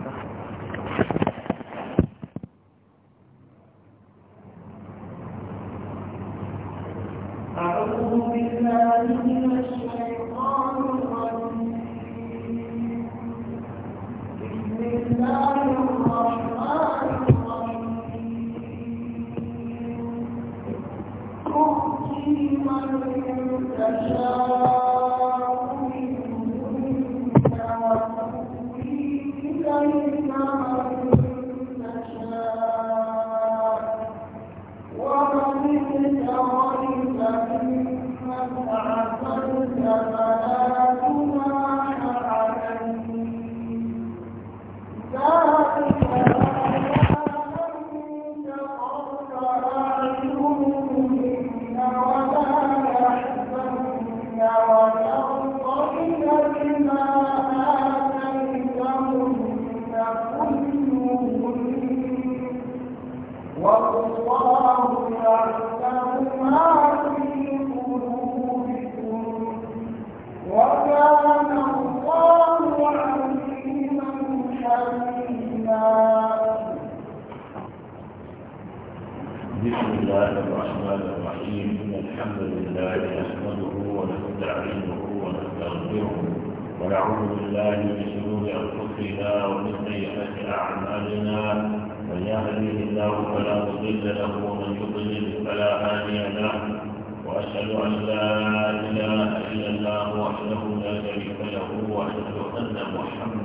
好的。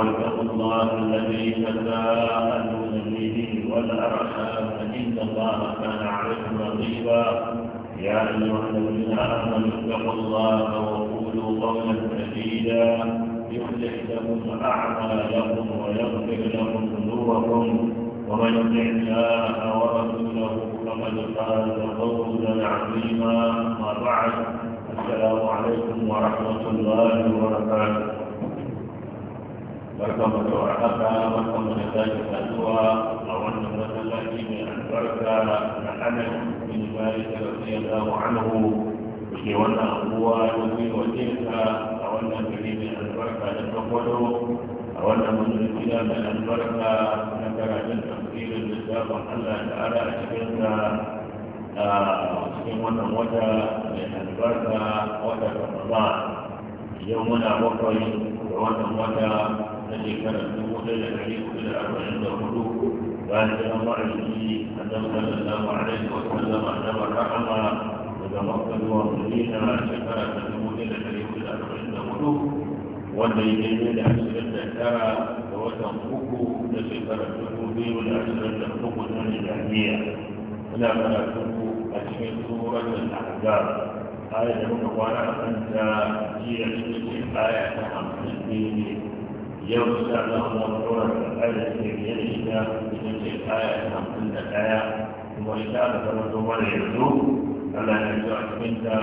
واتقوا الله الذي تساءلون به والارحام ان الله كان عليكم رقيبا يا ايها الذين امنوا اتقوا الله وقولوا قولا سديدا يصلح لكم اعمالكم ويغفر لكم ذنوبكم ومن يطع الله ورسوله فقد فاز فوزا عظيما ما بعد السلام عليكم ورحمه الله وبركاته barkan mu da warhaka barkan a wannan masallaci mai albarka na anas bin malik radiyallahu anhu ke wannan a wannan gari mai albarka da takwado a wannan majalisa mai albarka na karatun tafsirin lissafin allah a a cikin wannan wata mai albarka wata ramadan yau muna bakwai da wannan wata na shekarar dubu ɗaya da ɗari hudu da arba'in da hudu bayan da an fara shi a nan sallallahu alaihi wa sallam a nan rahama daga makka zuwa madina shekara ta dubu ɗaya da ɗari hudu da arba'in da hudu wanda ya daidai da ashirin da tara da watan uku na shekarar dubu biyu da ashirin da uku na nijeriya muna karatu a cikin tsoron da ahzab آية لهم وانا أنت هي آية حمسين يوسع لهم القرى الآية السرية من الآية حمسين الآية ثم إشارة لهم العزو ألا يجعل منك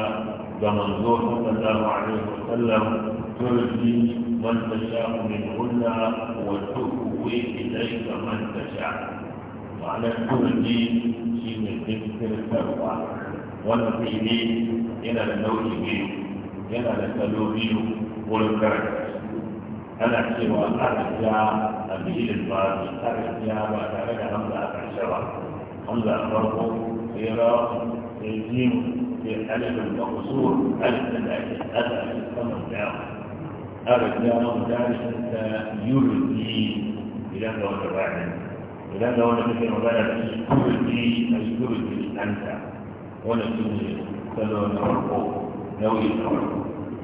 بمنظور صلى الله عليه وسلم ترجي من تشاء منهن وتؤوي إليك من تشاء معنى ترجي شيء من ذكر التقوى والفعلين yana da nauyi ne yana da salo biyu wurin karanta ana cewa arziya a bilin ba su arziya ba tare da hamza a ƙarshe ba hamza a farko sai rawa sai jim sai alifin da kusur alifin da ake tsada a cikin saman dama arziya mutane da yurji idan da wata ba idan da wata kake magana da shi kurji a shi kurji ɗanta wannan shi ne salo na farko nauyi na farko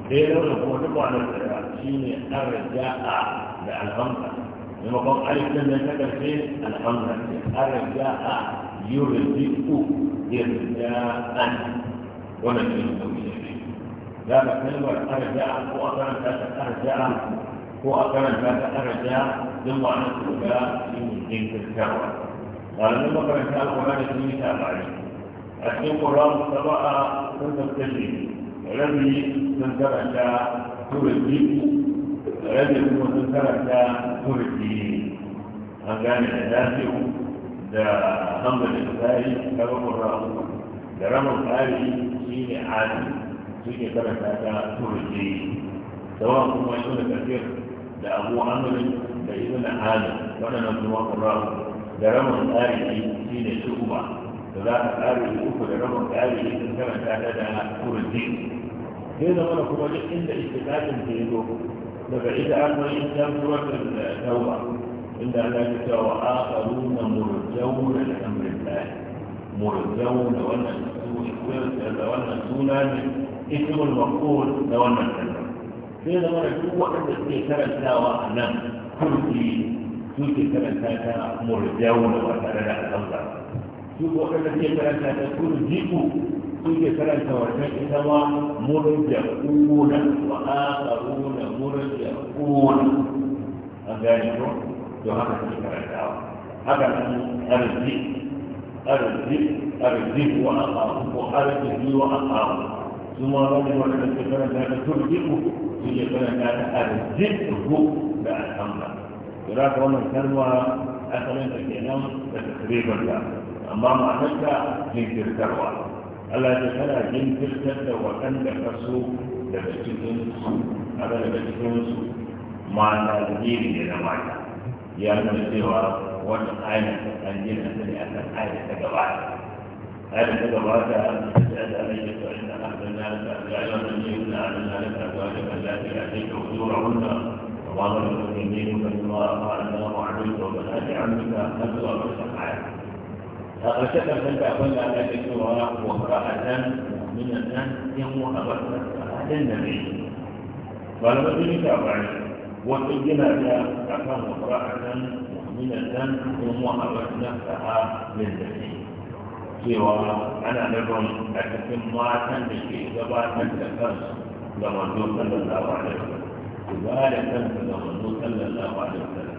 sai nauyin kuma duk wani tsira shi ne an raja'a da alhamza maimakon alifin nan ta ƙarshe alhamza ce an raja'a yurjiku irja'an wannan shi ne nauyi ne za ka kalmar arja'a ko a karanta ta arja'a ko a karanta ta arja'a duk wani tsira shi ne jinkirtarwa ɗalibin makaranta alƙur'ani sun yi sabari الشيخ الرابع سواء كنت التجريب الذي تنزلك ترجي الذي هو تنزلك ترجي أنجان الأساسي ده حمد الإنساني سبب الرابع ده رمى الآلي شيء عادي شيء تنزلك ترجي سواء كما يكون كثير ده أبو عمر ده ابن عالم وأنا نظمات الرابع ده رمى الآلي شيء شعبة فذاك قالوا يشوفوا لأنهم قالوا يشوفوا كما تعتدى طول الدين هذا ما نقول لك إن استفادة تريدوه فبعيد عن وإن لم ترد التوبة إلا ذلك وآخرون مرجون لأمر الله مرجون والمسؤول من اسم المفعول لو أن هذا ما نقول وأن استيكرت ساوى أنم كل شيء تلك كما مرجون وتردع الأمر duk waɗanda ke karanta ta kuru jiku suke karanta wannan ita ma murja kuna wa akaruna murja kuna a gani ko to haka suke karantawa haka nan arziki arziki arziki wa akaru ko arziki wa akaru su ma wani waɗanda ke karanta ta kuru jiku ke karanta ta arziki da alhamdulillah. Kira ka wannan kalma asalin ta kenan da takribar da اللهم أنك جنك الكروة ألا تتلع جنك الكروة وكان كفسو لبشت جنسو أبا لبشت جنسو ما نعزين جنا ما يا من الجوا وان عين تنجين أن أن عين تجوار عين تجوار جاء جاء عليه فإن أحد الناس لا يؤمن من أحد الناس أزواج من لا تأتيك وزورهن وما من المؤمنين من الله ما أنزل وعبد وبنات عمك أزواج من حياتك فأرشد من تأخذ على ذكرها وقراءة من الناس يموت بحثا هذا النبي ولم يكن يتابعني وسجل أكان وقراءة من الناس يموت نفسها للنبي سوى أنا نبغي أتكلم ما تنبغي إذا تنبغي لما صلى الله عليه وسلم وذلك تنفذ الرسول صلى الله عليه وسلم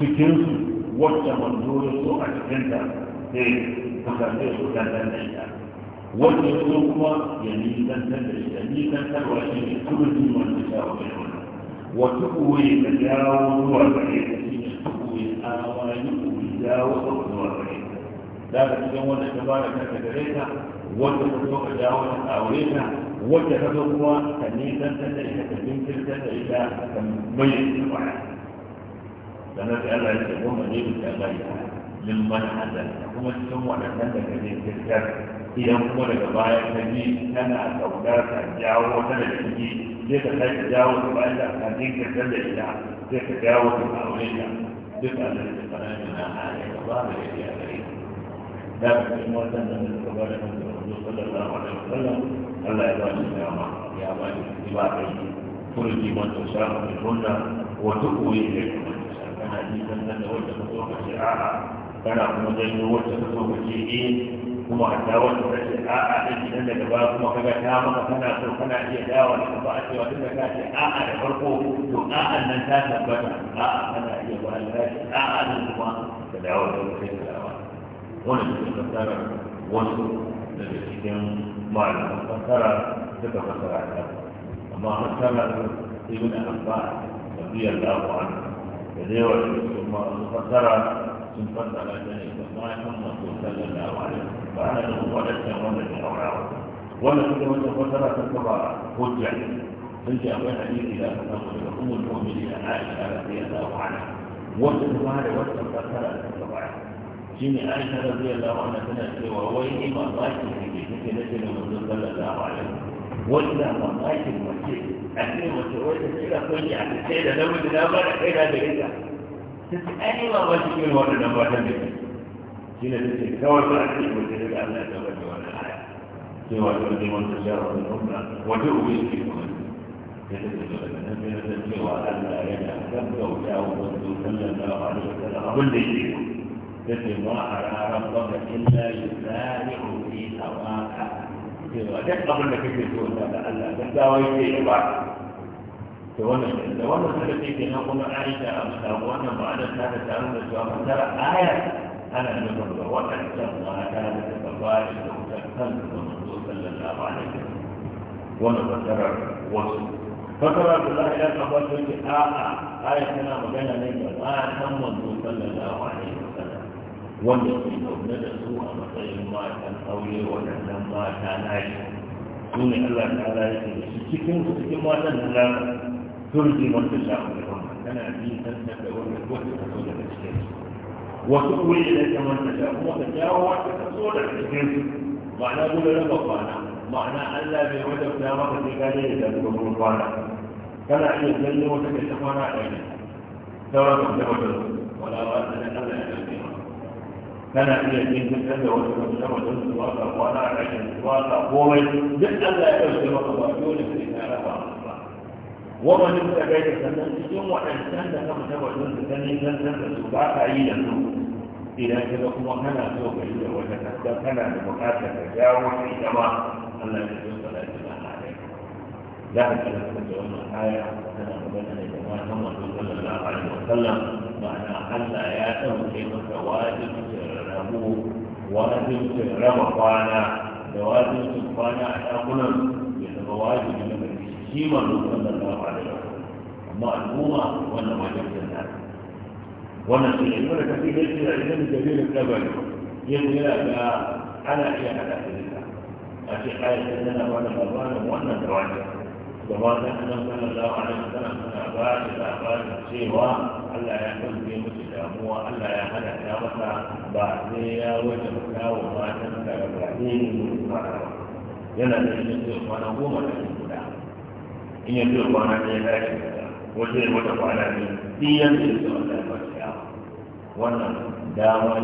فكرته وقت منظور سوء الجنه sai kasance su dandan da ita wanda ya zo kuma ya ni da ita ni dandarwa shi ne kuma ni wanda sha wa mai wannan wata kuwe ka jawo zuwa gare ka shi ne ta kuwe tsawa yi jawo ka da ka cikin wanda ta ba da ta gare ka wanda ka zo ka jawo ta aure ka wanda ka zo kuma ka ni dandan da ita ka jinkirtar da ita ka mai da baya sannan sai Allah ya ce mun ne da Allah min man azal kuma cikin waɗannan daga ne fitar idan kuma daga baya ta bi tana saudar ka jawo ta da ciki sai ta sake jawo ta bayan da ka jinkirta da ita sai ta jawo ta a wurin da duk a da ta fara na hali ka ba da yake a gare da ka cikin waɗannan da suka ba da kan da wanzu sallallahu alaihi wasallam Allah ya ba shi dama ya ba shi ba kai kurji man tasha min hunna wa tuqwi ilayka man tasha kana ji kan da wanda ka so ka shi'a kana kuma janyo wacce ta so kace eh kuma ta wacce ta ce a a din idan daga ba kuma kaga ta maka kana so kana iya dawo da ba a cewa tunda ka ce a a da farko to a a nan ta tabbata a a kana iya ba Allah a a din kuma ka dawo da kai ka dawo wannan shi ne fasara wasu daga cikin malaman fasara suka fasara ta amma fasarar ibn abbas radiyallahu anhu da yawa da cikin malaman fasara sun fassara ta ne ga matan masu sallallahu alaihi ba ana da wadancan wanda ke aurawa wanda suke wata fassara sun kafa hujja sun ce akwai hadisi da aka samu daga umul mu'mini a aisha radiyallahu anha wanda ta ba da wata fassara ta kafa shi ne aisha radiyallahu anha tana cewa wai ni ba ba ki ne kike nake da manzon sallallahu alaihi wanda ba ba ki mace a ce mace wai ta kira da ta ce ai ne ma ba shi irin waɗannan da ke kawai ba a ce wata daga Allah ta wata wani aya cewa ta wata wata shara wani umra wata uwe ke kuma ta ta ce nan fi na san cewa Allah yana gaggauta wa wasu sallallahu da wa sallam abin da yake ta ce ma a rarar baka illa yi zari'u fi sawaka cewa duk abin da kake so da Allah gaggawa yake ba da wannan da wannan suka ce ke na kuma aisha a mutane, wannan ba da ta da tarin da cewa kun tara aya ana nufin ga waɗancan mata da suka ba da kyautar kan da manzo sallallahu alaihi wasallam wannan fasarar wasu fasarar da za a yi kan wasu yake a'a aya tana magana ne ga matan manzo sallallahu alaihi wasallam wanda ke zaune da su a matsayin matan aure waɗannan mata na shi su ne Allah ta yake da shi cikin su cikin matan da za تلقي من تشاء منهن أنا في سنة أقول لك وتفصول الأشكال وتؤوي إليك من تشاء وتجاوز وتفصول الأشكال معناه قول لك وقانا معناه أن لا بوجه سامة الرجال إذا تكون وقانا فلا أن يزل وتكشف ولا عين سواء تزوج ولا رأس لك ألا يزل kana iya yin dukkan da wani wani sama don su wata kwana a ƙarshen su wata komai duk Allah wani da gaida sannan cikin waɗancan da kama tabbatar da sanin zantar da su ba ka yi da su idan kaga kuma kana so ka yi da wata kasa kana da buƙatar ka jawo shi gaba Allah ya so ka lafi da hali da ka kana so da wannan aya tana magana da jama'a kan wato sallallahu alaihi wa sallam ma'ana Allah ya ɗauke maka wajibin rabu wajibin raba kwana da wajibin kwana a ɗakunan ya zama wajibi na shi manzo sallallahu alaihi wasallam amma al'umma wannan wajen sunna wannan shi ne da kake da shi da idan jami'in yanzu yana ga ana iya hada shi a ce ayatun yana ba da labarin wannan da wannan gabatar annan sallallahu alaihi wasallam suna ba da labarin cewa Allah ya ɗauke musu damuwa Allah ya hana ta ba sai ya wajen kawo matan da ba, yana da shi ne kwana goma da shi guda ان يبلغ عن عبد وزير وجب على عبد في يمسك الاسلام والسلام وان داوى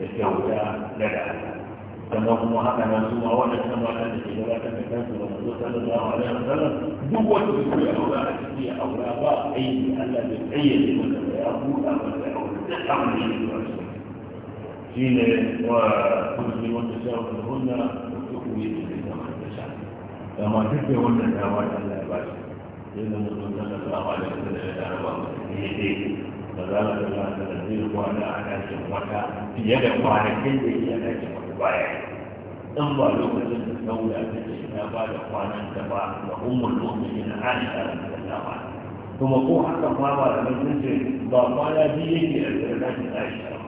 الجوزاء لدى فنظم هذا منظومة وانا سمع هذه الجوابات من كنت ورسول صلى الله عليه وسلم جوة بكل أولاد في أولاد أي ألا بالعية المتفاقون أولاد حين وكل من متساوي هنا وتقوي في الزمان فما تكفي هنا دعوات الله باشا إن مسلم صلى الله عليه وسلم يتعلم يديه فذلك ما تنزيل وانا أحداث وكا في يد وانا كل شيء أحداث وكبايا إما لوكة الدولة تجينا بعد وانا انتبع وأم المؤمنين عائشة رضي الله عنها ثم قوة حتى ما بعد من نزل ضافانا بيدي أسرنا عائشة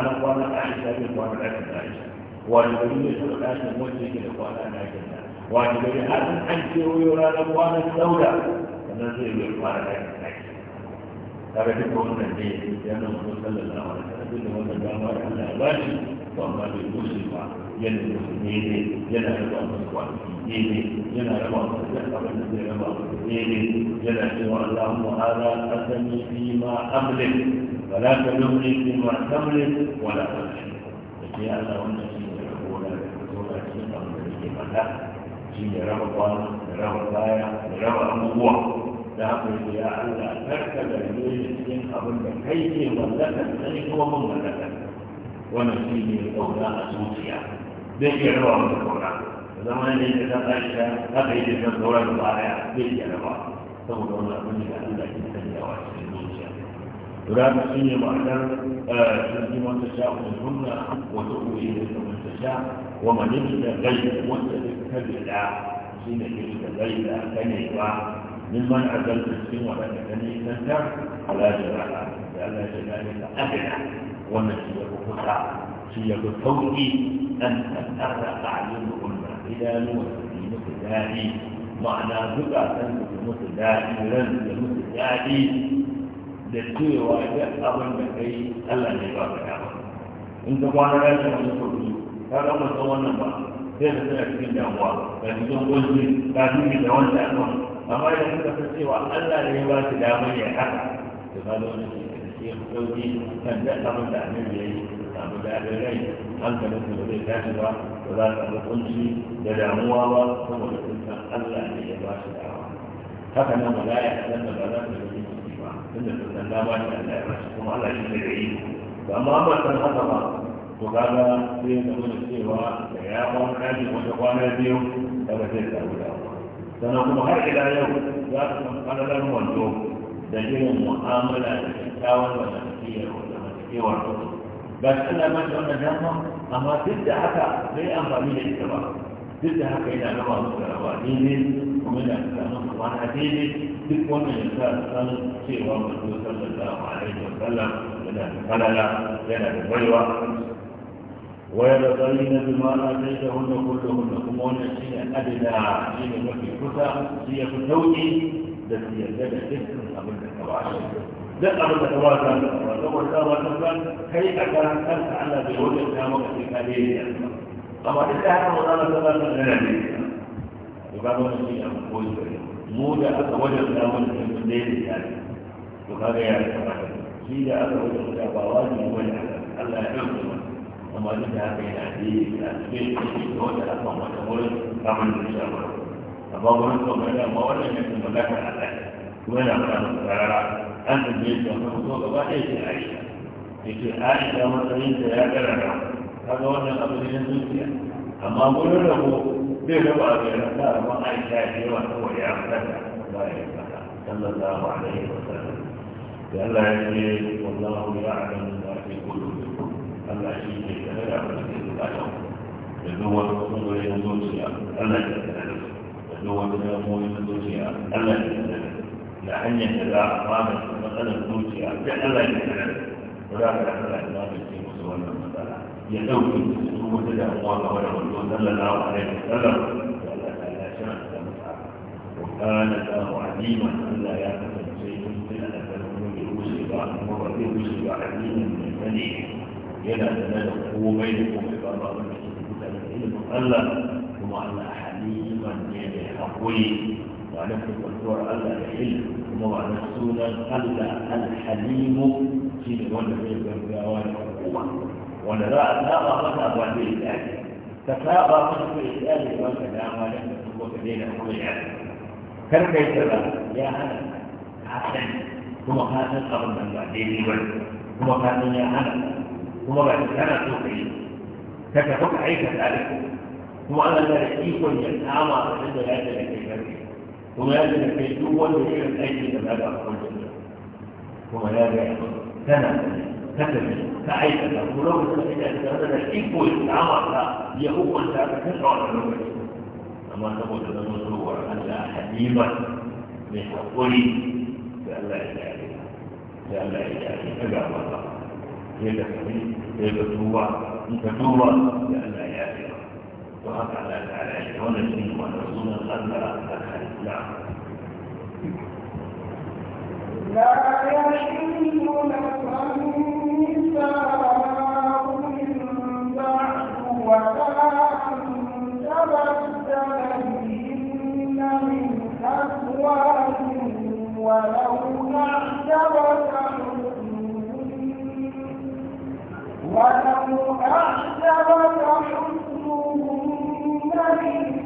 أنا وانا عائشة وانا عائشة والولي يسرنا وجهك wani gari har an kewayo ranar kwanan dauda sannan zai yi fara da tare da wannan ne ya nan mutum sallallahu alaihi wasallam da wannan dama da Allah ya bashi to amma bai gushe ba yana musu ne ne yana raba musu kwanaki ne ne yana raba musu da abin da zai raba musu ne ne yana cewa Allahumma hada asami fi ma amlik wala tamlik fi ma tamlik wala tamlik ya Allah wannan shi ne da gona da gona cikin abin da yake mallaka رمضان رمضان رمضان هو ذهب الى ان تركب المسلمين قبل بيته ولكن ذلك هو مملكه ونسيني القول اسوسيا ذكي رواه القران زمان اللي تتغشى تغيب الدكتور الضارع ذكي رواه تقول الله كل هذا لك انت يا ورابط سنة معدن سنة من تشاء من هنا وتقوي إليك من تشاء ومن يجد غير متفق متبعة شين كيف تبين أكنيوا ممن عزلت السن ولم تكن تنكر على جلالة لأن ذلك أبدا ونسي الخطأ شيء بالفوق أن تتأرق أعينهن إلى نور في مثل معنى بقى تنكر مثل ذلك لن مثل ذلك da cewa duk abin da kai Allah ne ba ka dama in ka kwana rashin wani ka ga mutum wannan ba sai da suna cikin damuwa ga cikin gwaji ga cikin da wanda a kan amma da suka san cewa Allah ne ya ba su damar ya haka da ba da wani shi sauki kan da abin da annabi ya yi samu da rai hankalin su zai tashi ba ba za su samu kunci da damuwa ba saboda sun san Allah ne ya ba su dama haka nan ba za a yi da ba za su yi kunci ba tunda sun san dama shi Allah ya ba shi kuma Allah shi ne da yi ba ma ba san haka ba to kaga sai ya zama da cewa da ya kwana daji wata kwana biyu daga sai samu da sannan kuma har ila yau za ka san kalalar wando da irin mu'amala da kyakkyawar wanda take yi wanda take wato ga shi Allah ba shi wannan dama amma duk da haka bai amfani da ita ba duk da haka yana gaba musu da rawa daidai kuma da aka samu kwana daidai duk wannan ya sa san cewa mutum sallallahu alaihi wa sallam yana da kalala yana da baiwa ويبتغين بما آتيتهن كلهن كمون هن أدنى شيء مفي كتا هي في الزوج التي في الزاد قبل التواشي ده قبل التواشي ولو الأول مثلا كيف كان أنت على بوجه كامل في هذه أما إذا كان ورانا ثلاثة غنامي وكان ولا شيء مقبول مو ده أتوجه كامل في الليل يعني وهذا يعني سبحانه ده أتوجه كامل واجب ولا الله يحفظه amma duk da yana da yi a cikin shi da wanda aka wata wurin kamar da shi amma amma wurin kamar da amma wannan ya kuma zaka a ɗaya kuma yana fara masa rara an da zai da wani ba gaba ce a shi ya ce a shi da matsayin da ya karara kaga abu ne na zuciya amma wurin rabo zai raba a bai rasa amma a shi ya ce yawa saboda ya fata ba ya fata sallallahu alaihi wa sallam da Allah ya ce wallahu ya'lamu ma fi qulubikum Allah shi ne da abin da ke bukata da duk wani kusurori na zuciya Allah ya tsare da duk wani damuwoyi na zuciya Allah ya tsare da hanyar da za a magance matsalar zuciya da Allah ya tsare ba za ka da Allah ya magance musu wannan matsala ya ɗauke su duk wata damuwa game da wanda sallallahu alaihi wasallam da Allah ta ya shirin da musa وكان الله عليما ألا يعتقد شيء من أن تكون يوشك أن مرة يوشك عليما من الملك معينة لذلك هو بينكم عبارة ألا ثم أن أحاديث من أقوي وعلمتم الدور ألا يحل ثم بعد السنة الحليم في الوجه في الجوال الحكومة وأنا لا أتابع لك أبو عبد الله تتابع لك في الإسلام وكذا وعلمتم وكذا وكذا كان كيف تبقى يا أنا عسل ثم كان تتابع لك أبو عبد ثم كان يا أنا ثم بعد ذلك انا اتركه كتبت عليك ذلك ثم انا لا يكفيك ان يتعامى عند هذا الكتاب ثم هذا الكتاب هو الذي لم اجد كما لا اقول ثم لا سنة كتب فعيت له ولو كنت اذا كان لا يكفيك ان يتعامى على يهوى ان تكفر على الرؤيه اما تقول ان المنظور ان لا حليما من حقه لان لا اله الا الله لان لا اله الا الله يبقى حبيب يبقى توبة يبقى توبة لأن لا يأتي وحق على تعالى ولا شيء ولا رسول قد لا أدخل لا لا يحل لك النساء من بعد ولا أن تبدل بهن من أزواج ولو أعجبك ولو أعجبك حسنهن إلا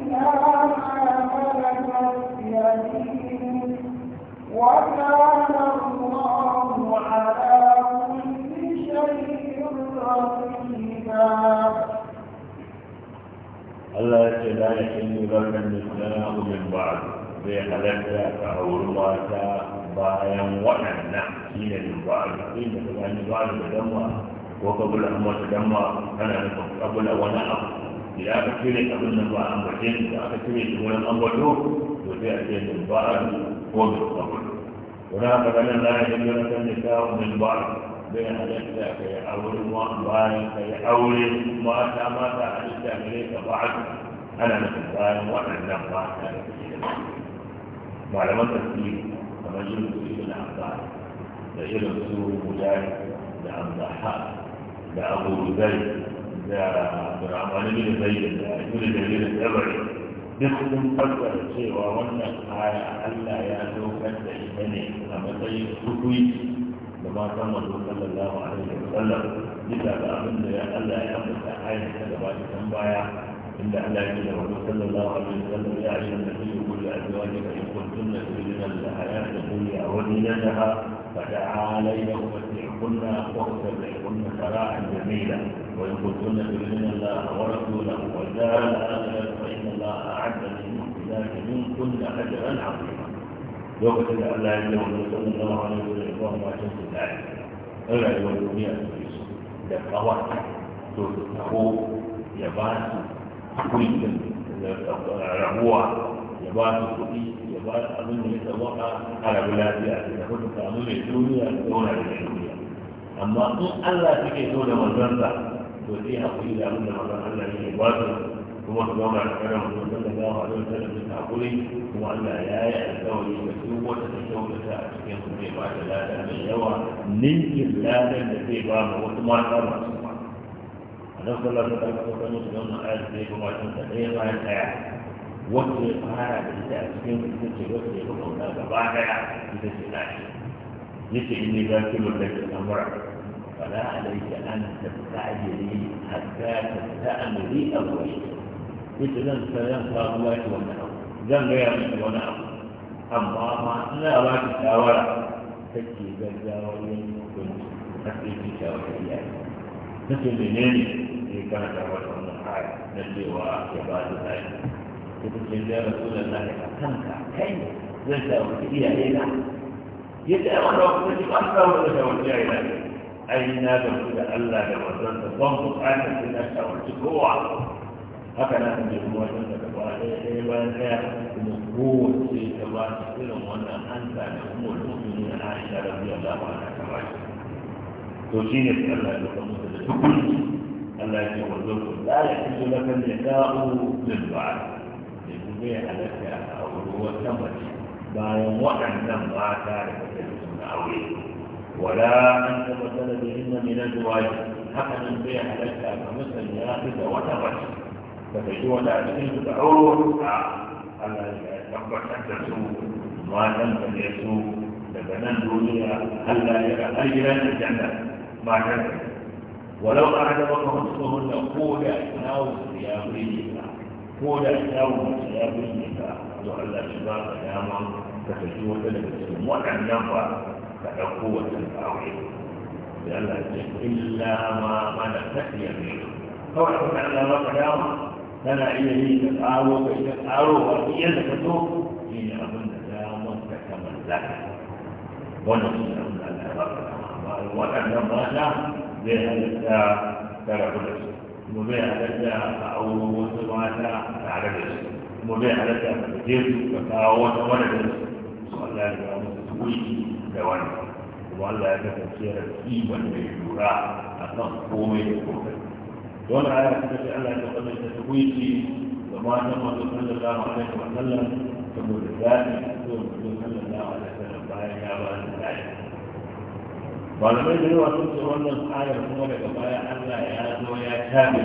ما ملكت يمينك وكان Allah ya ce da ya zai halatta a auri mata bayan waɗannan shi ne ba a cikin da ta gani ba da damwa وقبل أن وتدمر أنا لكم قبل وأنا أقل إذا أكثرت أظن أن أمرتين إذا أكثرت أولا أمرتين وتأتي من بعد ومن قبل هناك فلن لا يجب لك النساء من بعض بين الأشياء كي أول وأنبان كي أول ما أتامات الأشياء إليك بعد أنا نسبان وأنا نبان معلومات التفكير كما يجب في الأحبار يجب سوء مجاهد لأمضاحات لأبو زيد لعمال بن زيد لأبو جليل الزبري بخدم أكبر شيء وأولنا على آية ألا يأتوا كنت إيماني أما سيد سكوي لما كان رسول صلى الله عليه وسلم لذا فأمن يا ألا يأمن تحايا كذبات سنبايا إن ألا يجب أن صلى الله عليه وسلم يا أيها النبي كل أزواجك إن كنتن تريدن الحياة الدنيا ودينتها فتعالينا وفتح كنا وقت البيت كنا فراحا جميلا وان كنتن تريدن الله ورسوله والدار الاخره فان الله اعد للمؤمنات منكن اجرا عظيما. وقت الله عز وجل صلى الله عليه وسلم اللهم اجرت ذلك. الا يوليني ان تجلسوا لقواك يا يباس كويتن رهوا يباس كويتن يا امن يتوقع على بلادي اتي تخو تعمل الدنيا amma in Allah take so da manzansa to sai hakuri da abin da manzon Allah yake ba su kuma su gama da karan manzon sallallahu alaihi wasallam da hakuri kuma Allah ya yi alƙawari da duk wata ta kyautata a cikin su zai ba da ladan mai yawa ninkin ladan da zai ba ma wasu mata masu ba annabi sallallahu alaihi wasallam ya kawo da wannan ayat da ya kuma ta ɗaya bayan ɗaya wanda ya fara da ita a cikin ita ce wanda ya kuma gaba ɗaya ita ce na shi yake inni za da mallaki al'amura فلا عليك أن تستعجلي حتى تستعملي أولي مثل سلام فأولاد ونعم ذنب يا ونعم أما ما لا أراك تاورا تكي بالزاوية حقيقي شاورية مثل منين اللي كانت أول من الحال نجي وعباد الله يقول يا رسول الله أحكمت كيف ليس أوكي إلى إلى يدعى أنه أكثر من أوكي إلى أي أين بلد الله وزنة ضمتك أنت لنشأ وتجوع هكذا من من الموزنة وإيوان مقبول في الله سلم وأن أنت نقوم المؤمنين عائشة رضي الله عنها كما تجينك الله بقمت لكل الله يوزنك لا يحل لك النساء للبعث لتبيع لك أو هو ثمت ما يوضع ما تعرف تلك المعويل ولا أن تبدل بهن من الزواج حقا بيع لك فمثل ياخذ وتبت فتشوى تعدين تعور على تنبحك سوء ما تنبل يسوء لبنان دولية هلا يرى أجلا الجنة ما تنبل ولو أعجبك حسنهن قول أسناو سيابيك قول أحناو أسناو سيابيك وعلى شباب أياما فتشوى تلك السلم وأن ينفع فلو قوة أو علم لأن إلا ما من تحيا منه فوحد تعالى رب العالم لنا إليه تفعلوا وإذا تفعلوا وإذا تفعلوا إن أظن تاما تكما لك ونظن أن لا رب العالم وأن الله بها لك تعرف لك مبيع لك تعود وسمعك تعرف لك مبيع لك تجد وتعود ونجد صلى الله عليه وسلم da wannan kuma Allah ya kasance da kiwon da lura a kan komai da komai don aya ta ce Allah ya kasance da tukuici da matan masu sallallahu alaihi wa sallam saboda zaɓi ko mutum sallallahu alaihi wa sallam bayan ya ba da zaɓi malamai da yawa sun ce wannan ayar kuma daga baya Allah ya zo ya tabi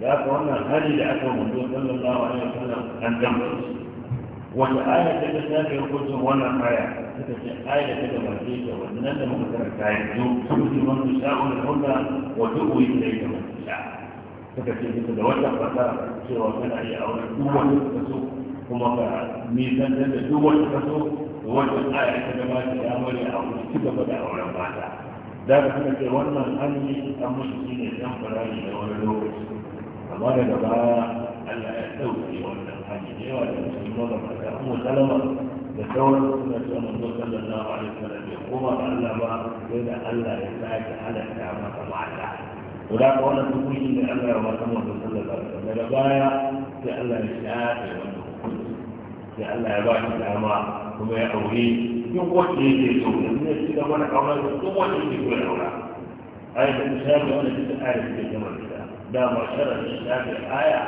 da ya ka wannan hali da aka mutu sallallahu alaihi wa sallam an damar Wani aya ta ga ta yi hukuncin wannan aya suka ce aya ta ga mace ta nan da muka karanta yanzu sun ji wani su sha'u da hulɗa wato duk yi da ita man su sha suka ce bisa da wannan fata cewa kana iya auren duk wanda ka so kuma ka nisan da duk wanda ka so wannan aya ta ga mace ya mare a wani ci gaba da auren mata da ka ce wannan hanyar an mutu shi ne ɗan farari da wani lokaci amma daga baya Allah ya ɗauke wannan hali da yawa da cikin mazabata kuma kalama da sauran suna ce manzo sallallahu alaihi wasallam bai koma ga Allah ba sai da Allah ya sake halatta masa mata guda ka wannan hukuncin da Allah ya masa manzo sallallahu alaihi wasallam daga baya sai Allah ya shafe wannan hukunci sai Allah ya ba shi dama kuma ya aure duk wanda yake so yanzu ya ci gaba da kaunar duk wanda yake so ya aura ai da misali wannan ita ayat da ke mana da ba sharadin shafi aya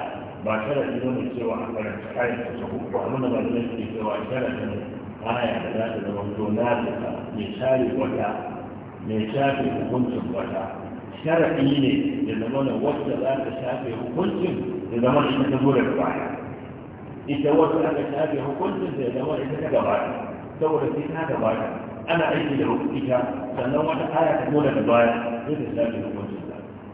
ba sharadin zama cewa a karanta kayan ta sahu ba abinda ba zai ke cewa sharadin aya da za ta zama to na daga mai share wata mai shafe hukuncin wata sharadi ne da zama na wacce za ta shafe hukuncin da zama da ita zo daga baya ita wacce aka shafe hukuncin da zama ita ta gabata saboda sai ta gabata ana aiki da hukunta sannan wata aya ta zo daga baya sai ta shafe hukuncin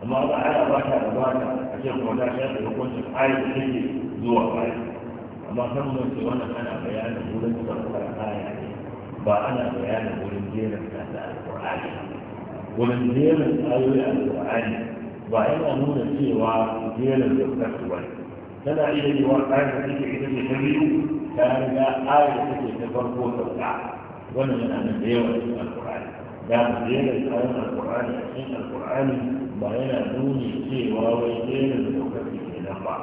amma ba ana ba ta da ba ta a ce kuma ta shi da hukuncin ayi da take zuwa baya amma kan mu ce wannan ana bayanin wurin sarkar aya ne ba ana bayanin wurin jerin da alƙur'ani wurin jerin ayoyi alƙur'ani ba yana nuna cewa jerin da ta wani tana iya yi wa ayar da take ita ce ta biyu ta riga ayar da take ta farko sauka wannan yana da yawa cikin alƙur'ani da ka jerin kayan alkur'ani a cikin alkur'ani ba yana nuni cewa wai jerin da ɗaukaki ke nan ba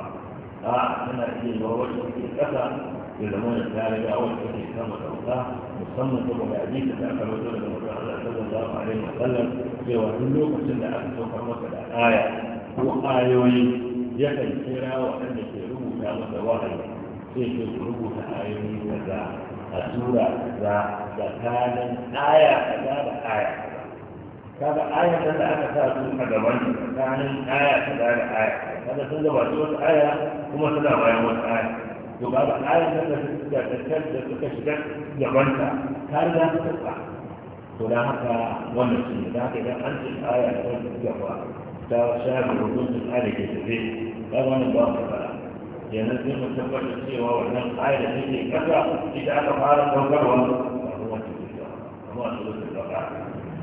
a yana iya yawa wacce ke ƙasa ya zama da ta riga wacce ke sama ɗauka musamman saboda hadisi da aka rawaito daga mutum Allah sallallahu alaihi wa sallam cewa duk lokacin da aka saukar masa da aya ko ayoyi yakan kira waɗanda ke rubuta masa wahayi sai ke rubuta ayoyi kaza a tura za tsakanin aya kaza da aya kaza kaga aya nan da aka sa su a gaban tsakanin aya kaza da aya kaga sun wasu wata aya kuma suna bayan wata aya to kaga aya nan da suka da suka shiga gabanta ta riga suka tsaka to da haka wannan shi ne da haka idan an ce aya da wani gaba ta shafi rubutun da ke tafe ta wannan ba su kenan sai mu tabbatar cewa wannan ayar da take kasa ita aka fara saukarwa ba kuma ta fita amma a cikin baka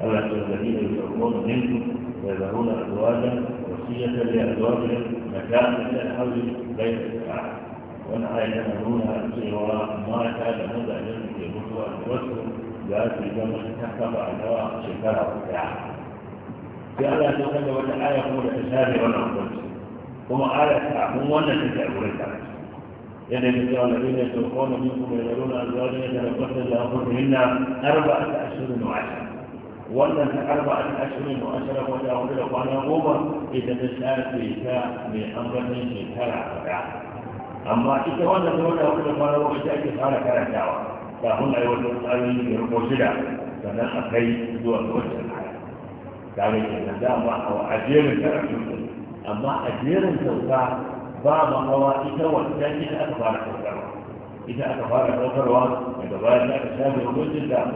Allah ya tsare da yawon mintu wa zarun azwaja wasiyatan li azwajihim mata'an ila al-hawli ghayr al-sa'a wannan ayar tana nuna cewa mata da mazajen da ke mutuwa da wasu za su zama ta kaba a nawa shekara guda sai Allah ya tsare wata aya kuma da ta shafe wannan hukunci kuma ayar kafin wannan take a wurin karatu yadda ya ce wanda ne to ko na min kuma ya rona azwaji ne da rabbata da hukunna arba'at ashhurun wa ashara wannan ta arba'at ashhurun wa ashara ko da wanda kwana goma ita ta shafe ta mai ambaton shekara guda amma ita wannan ta wanda wanda kwana goma ita ake fara karantawa kafin a yi wata tsarin da rubo shida sannan a kai zuwa ga wancan kare kenan dama a jerin karatu أما أجير الزوجة بعض قوائد والثاني إذا أكبر الزوجة إذا أكبر الزوجة إذا بقى لا تشابه وجود الله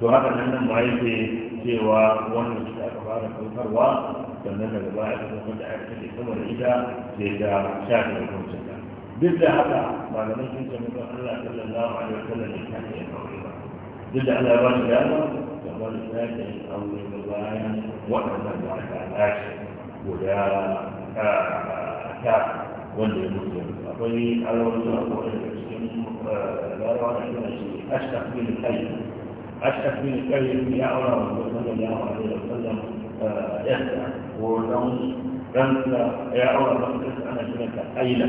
سبحانه وتعالى أن المعين في سوى وأن أكبر الزوجة وأن الزوجة إذا كنت عارف في سوى الإذا إذا شابه وجود الله بدل هذا بعد ما كنت من قبل الله صلى الله عليه وسلم كان يقول بدل على رجل هذا فقال الثاني أو من الله وأنا من الله guda ta wanda ya mutu akwai alwarin abubuwan da cikin larawa da suna shi ashkaf bin kai ashkaf bin kai ya aura wa sallam ya aura da sallam yasta ko dan ransa ya aura masa yasta ana shirin ta aila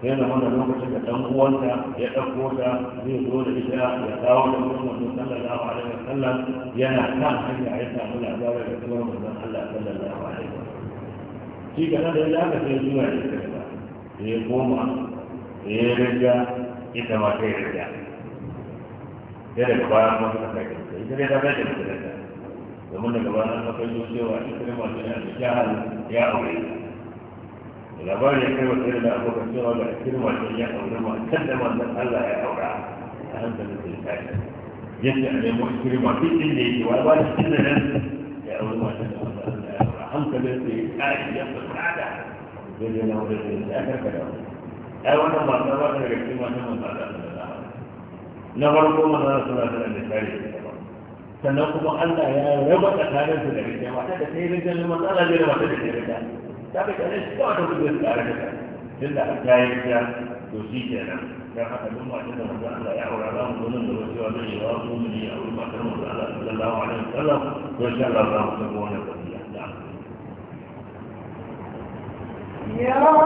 sai da wannan lokacin da dan uwanta ya ɗauko ta zai zo da ita ya dawo da mutum sallallahu alaihi wasallam yana kan hanya ya samu labarin da kuma manzon Allah sallallahu shi kana da yadda aka sai zuwa ya ya koma ya riga ita ma kai riga ya daga baya kuma suka kai karba ita dai ta kai karba riga domin daga baya an kafa yi cewa ita ne masu yana da jihar ya aure da labarin ya kai wa sai abokan cewa ga cikin masu ya aure ma kan da manzan Allah ya aura a hankalin sai ta yi yadda a nemo cikin masu inda yake wa ba cikin da nan ya aure ma da خمسة بس ولكن يجب ان يكون هناك افضل من اجل ان يكون هناك افضل من اجل ان يكون هناك افضل من اجل ان يكون هناك افضل من اجل ان يكون هناك افضل من اجل ان يكون هناك افضل من اجل ان يكون هناك افضل من اجل ان يكون هناك افضل من اجل ان يكون هناك افضل من اجل ان يكون هناك افضل من اجل ان يكون هناك افضل من اجل ان يكون هناك افضل من اجل ان يكون هناك افضل من اجل ان يكون هناك افضل من اجل ان يكون هناك افضل من اجل ان يكون هناك افضل من اجل ان يكون هناك افضل من اجل ان يكون هناك افضل ان Yeah.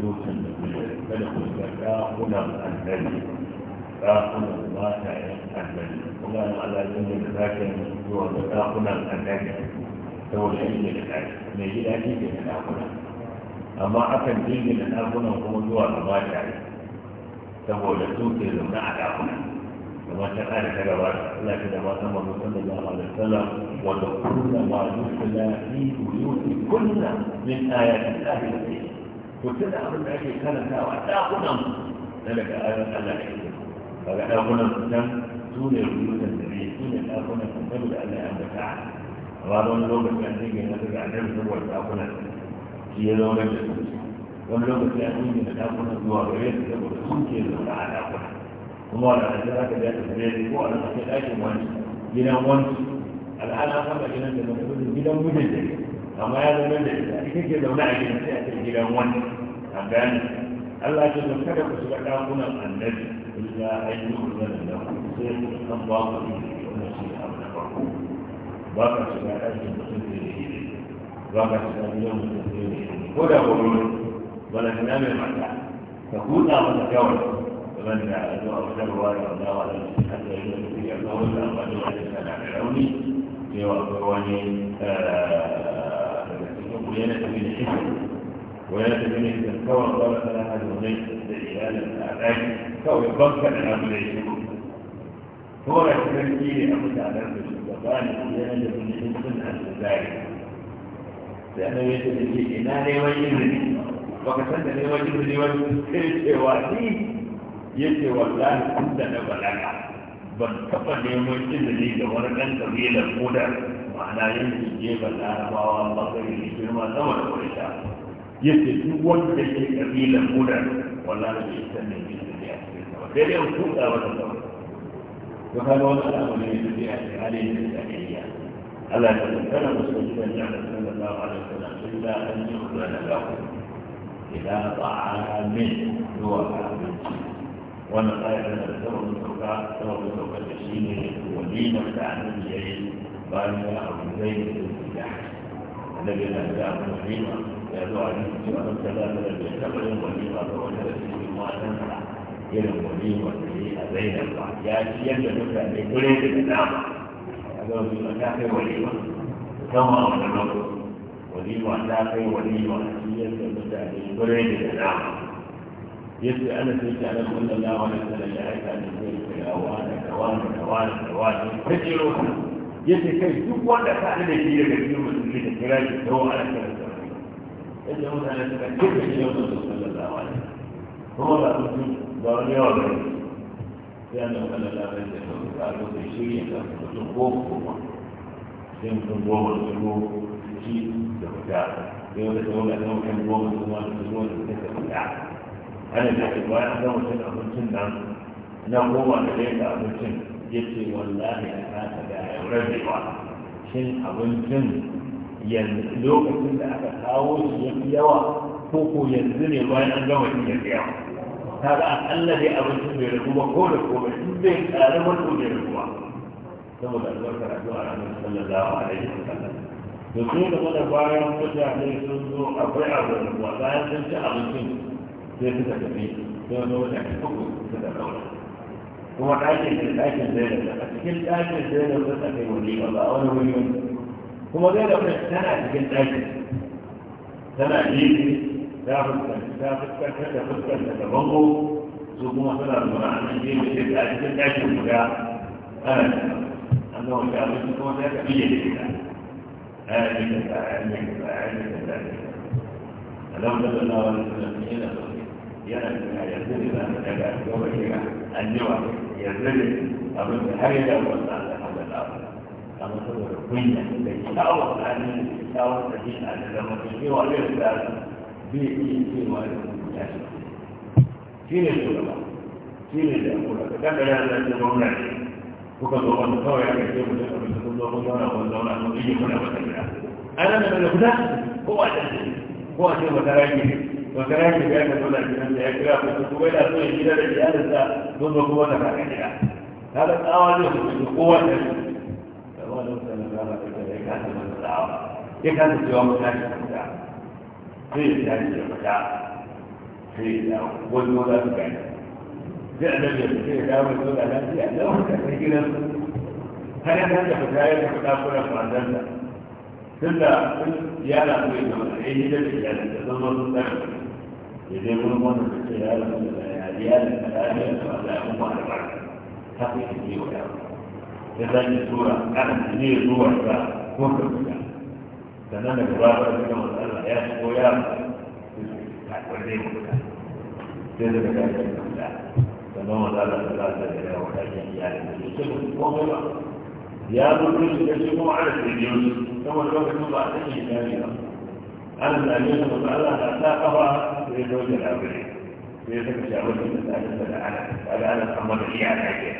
بيوت النبي ملك الزكاة النبي داخل الواقع النبي وكان على جنب الزكاة هو داخل النبي هو العلم الحاج ما يجي أكيد من الأغنى أما أكن جنب الأغنى هو جوا الواقع هو لسوك المنع الأغنى وما كان أنا لكن ما تم صلى الله عليه وسلم ودخول ما يتلى في بيوت كل من آيات الله الكريمة وكل أمر الأكل كان ساوى أقول أمر ذلك آية الله فقال أقول أمر كان سورة البيوت النبي سورة أقول أمر كان أن أمتع وهذا من لوبة كان تيجي نتبع نبي هو أقول أمر هي لوبة ومن لوبة كان تيجي أقول أمر هو غير يقول سورة الأولى على أقول وما لا أدراك بأن تبعيدي هو أنا أخذ الأكل وانس جنا وانس الآن أخذ جنا جنا جنا جنا أما هذا من ذلك يعني كيف لو نعي نسيئة إلى ون أبان ألا جل وعلا سبحانه هنا أن نجد إلا أن يخبر له سيد الأنباط في المسيح أبن بابا سبحانه أجل مخبر له بابا سبحانه يوم مخبر له هدى قرون ولكن أمر مدى تقول لا متكون فمن دعا الدعاء وكبر وارد الله على حتى يجب أن يكون الله وكبر وارد الله على العوني في وقت زينة من حزم ويأتي من حزم كوى قال لها الوزيت لإيال الأعلام كوى بنك الأمر هو رأيك كيري أبو تعلم بالشبطان زينة بن حزم الزبائر لأنه يتبني إنا لي ويجبني وكسنت لي ويجبني ويجبني ويجبني yake wallahi tun da na balaga ban taɓa neman izini da wani ɗan ƙabilar ko da ma'ana yanki gefen larabawa bangare ne girma sama da kwarisha yake duk wanda ke kabilan mudan wallahi da bai san ne bai san a cikin sama sai dai ku da wata sama to kaga wani al'amari ne tafiya ya ce halin da ya kariya Allah ya tsara musulmi da ya da sallallahu alaihi wasallam illa an yuhda lahu ila ta'amin zuwa abinci wannan ayar da ta zama sauka ta sauka da shi ne walima da annabi ya yi bayan wani abu zai yi da annabi yana da abu walima ya zo a cikin cewa don ta zama da bai taɓa yin walima ga wani da cikin matan sa irin walima da yi a zainab ba ya ci yadda mutane kure da dama a ga walima ta kai walima kama a wani lokaci walima ta kai walima ci yadda mutane kure da dama يسأل أنا سيدي على صلى الله عليه وسلم يا عيسى أن يقول في الأوان أوان أوان أوان رجلوها yake kai duk wanda ka da shi daga cikin musulmi da kira shi da wa ana kira da yadda mutane suka kira shi yau da sallallahu alaihi kuma ba su ji ba wani yawa da ne sai an da sallallahu alaihi da sau da aka kai shirya ka mutum ko kuma sai mutum goma da shigo ci da fita sai wata sau da kan mutum goma da kuma da shigo da fita da fita ana da ke bayan ga mutum abincin nan na goma da ɗaya da abincin yace wallahi a kasa da ya murabbiwa shin abincin yanzu lokacin da aka kawo shi ya fi yawa ko ko yanzu ne bayan an gama shi ya fi yawa ta ga akalla dai abincin bai ragu ba ko da komai in bai ƙarar wato bai ragu ba saboda albarkar addu'a ranar sallallahu alaihi wa sallam da su da mana bayan mutane sun zo akwai abu da bayan sun ci abincin sai suka tafi don zo da kuku suka daura هو الآكل في الآكل زالب أتكلت آكل زالب بس في ولي الله أولا مليون هو ده لو سنة أتكلت آكل سنة جيدي تاخد تاخد تاخد تتبغض زوجوا مثلا المعنى جيدي تاخد آكل تاخد أنا تاخد شاء تاخد يكون ذلك بيدي هذه العلم العلم العلم لو دخلنا ونزلنا yana tuna yanzu ne za mu daga gaba kira an yanzu ne abin da har yana wasa da hada lafiya amma saboda kunya da kyawun tsarin da kyawun ɗabi'a da zama da yawa da yadda yi iya cewa da kuma ya shi ne shugaba shi ne da kuma da kada ya zai zama wani kuka zo wani kawai ya kai mu da abin da kun zo kun zauna kun zauna kun yi kuna wata gida ana da guda ko a ko a ce wata rage wata ran shi ya ka zauna gidan da ya kira ku su kuma yana so ya gida da iyalinsa don ba kuma ta kaka gida ta da tsawa ne ku ci kowa da shi da wani mutane da ba ta da ya kasa masa tsawa ya kasa cewa mutane da fita sai ya tashi ya fita sai ya dawo wani mota su gani zai a dabe da sai ya dawo mai zuwa lafiya da wani kasar gidan kada ta da fita ya ta fita kuna kwanzanta tunda yana so ya zama da ya yi da iyalinsa zama sun tsara idan wani wanda ta ce ya rasu da ya yi ya da ta yi da ta da ya kuma da ta fi shi ne wa ya ta yi tura ne zuwa ta ko ka fita sannan da gaba ba da kama da Allah ya shi ko ya rasu ta kwalle mu ta sai da ka ta yi ta sannan wanda Allah ta lafi ya wata yi ya da ta yi ko ka ba ya zo kuma ana da biyu kuma lokacin ba a cikin shi أنا من أمين صلى الله عليه وسلم في الزوج الأولين في ذلك شعور من أنس الأعلى قال أنا محمد في على عجل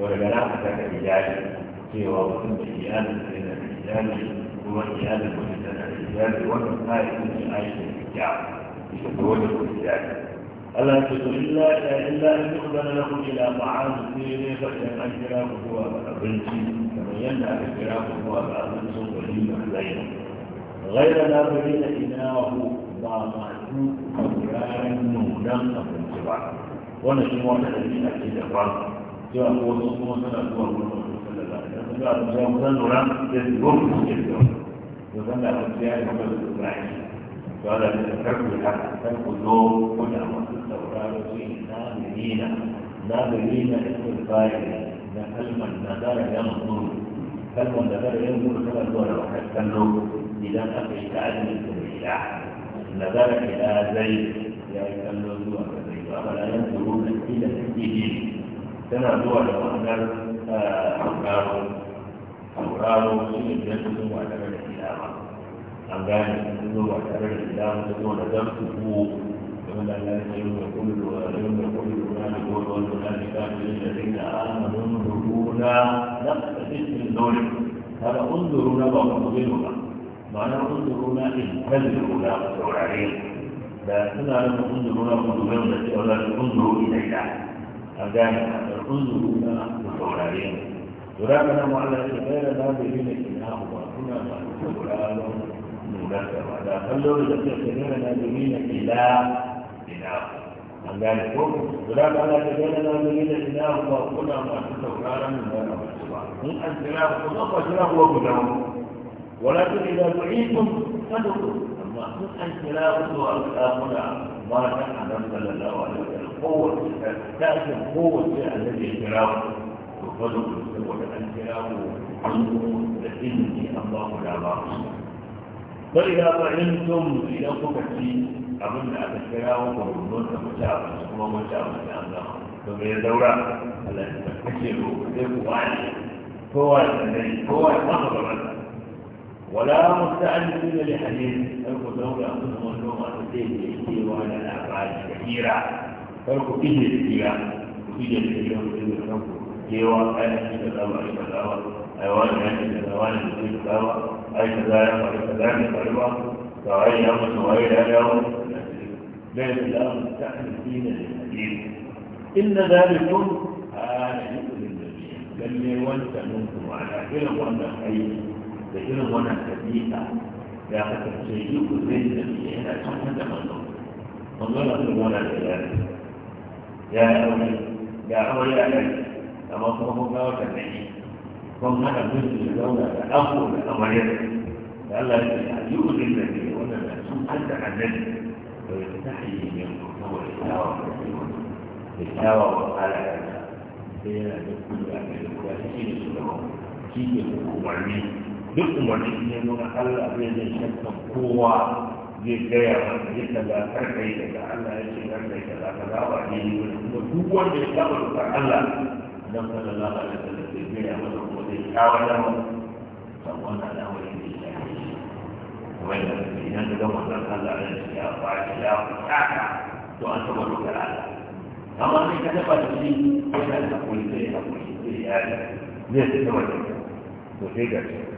ولبناء فتاك رجال في وضعهم بإيان بين الرجال هو إيان بين الرجال وكفاية من عائشة الرجال يتزوج الرجال ألا تقول إلا إلا أن يقبل لكم إلى طعام الدين فإن الفراق هو أبنتي فمن ينهى الفراق هو أبنتي غير ناظرين إناه ما معلوم كان نونان أبو سبعة وانا شموع الذين أكيد أخوان سواء هو صلى الله عليه وسلم صلى الله عليه وسلم قال يا مثلا نونان يذكرون مسجدهم وذنب أبتياء محمد الإبراهيم قال تذكروا الحق تذكروا النور كنا وصلت وراء ناظرين ناظرين اسم الفاعل كلمة نظر ينظر كلمة نظر ينظر كما دور وحد كالنور إذا أخي كأدم كبيرا ذلك إلى زيد يا أيها الذين آمنوا أفلا ينظرون إلى الدين كما هو لو أن أوراق أوراق من الجنة معتمدة الإسلام أن كان الجنة معتمدة الإسلام تكون نظرته ومن الناس يوم يقول ويوم يقول المنافق والمنافقات الذين آمنوا انظرونا نقتبس من نوركم هذا انظرونا وانظرونا ma'ana unzuruna in tanzuruna ku saurare da suna da unzuruna ku dubi da cewa za su unzuru ilaina a gane a unzuruna ku saurare to da kana mu Allah ya tsaya da da yin inahu ba kuna ma sauraron nuna da ba da kallo da ke tsaya da da yin ila inahu an gane ko to da kana da tsaya da da yin da ba da ba da nuna da ba da an da ku da ku da ku da dawo ولكن إذا دعيتم فادخلوا أما أن تلاوة الآخرة ما كان أنزل الله عليه وسلم القوة تأتي القوة الذي تلاوة وفادخلوا سوى أن تلاوة عنكم لإني الله لا بأس فإذا طعنتم إلى قبتي أظن أن الكلام والظن متابعة ومتابعة الله domin ya daura Allah التي kashe ko sai ku wani kowa da ولا مستعدين لحديث فالكتاب يأخذهم اليوم على الدين يشتير على الأفعال كثيرة فالكتاب كثيرة وتجد كثيرة وتجد الحب كيوا أنا كيف دعوة أي كذاوة أيوان أنا كيف دعوة أنا كيف دعوة أي كذاوة أي كذاوة أي كذاوة سواعي أمر سواعي لا يوم بين الأمر مستأنسين للحديث إن ذلكم آل يؤذي النبي بل وانت منكم على كل وانت حي da irin wannan tabi'a ya kasance yi ku zai da biya yana can da manzo manzo na su gona da iyali ya yi aure ya aure ya kai amma kuma kun ga na ne kun haɗa musu da zauna da abu da amarya da Allah ya ce a yi ku zai da biya wannan na can da annabi da منه هو الشاوى الشاوى والحالة هي كل أحد يكون في سلوكه كيف يكون duk umarni ne nuna Allah zai zai shakka kowa zai gaya masa zai kaza kar kai daga Allah ya ce kar kai kaza kaza wa ne ne kuma duk wanda ya saba da Allah dan sallallahu alaihi wasallam zai gaya masa kuma zai kawo da mu kan wannan al'amari ne ya shi wanda idan ka ga wannan Allah ya ce ya ba ya fata to an saba da Allah amma sai ka dafa da shi ko da hakuri sai hakuri sai ya zai ta da to sai ga shi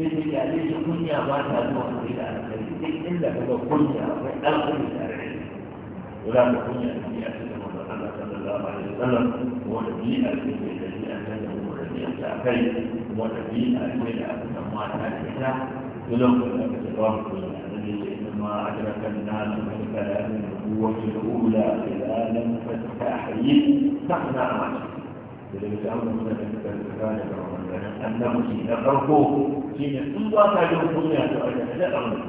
يجي عليه كنيا وهذا نوع من الأسئلة إلا هو كنيا وألقي الأسئلة ولا كنيا في أسئلة محمد صلى الله عليه وسلم هو نبي الذي الذي أنزله والذي أتاكل هو نبي الذي أنزله ما تأكل ولم يكن الله إنما أدرك الناس من كلام النبوة الأولى إلى لم تستحيل فاقنع عنه da da ta amma suna da suka da ga wannan annabi na farko shi ne in ba ka jin kunya to a da da amma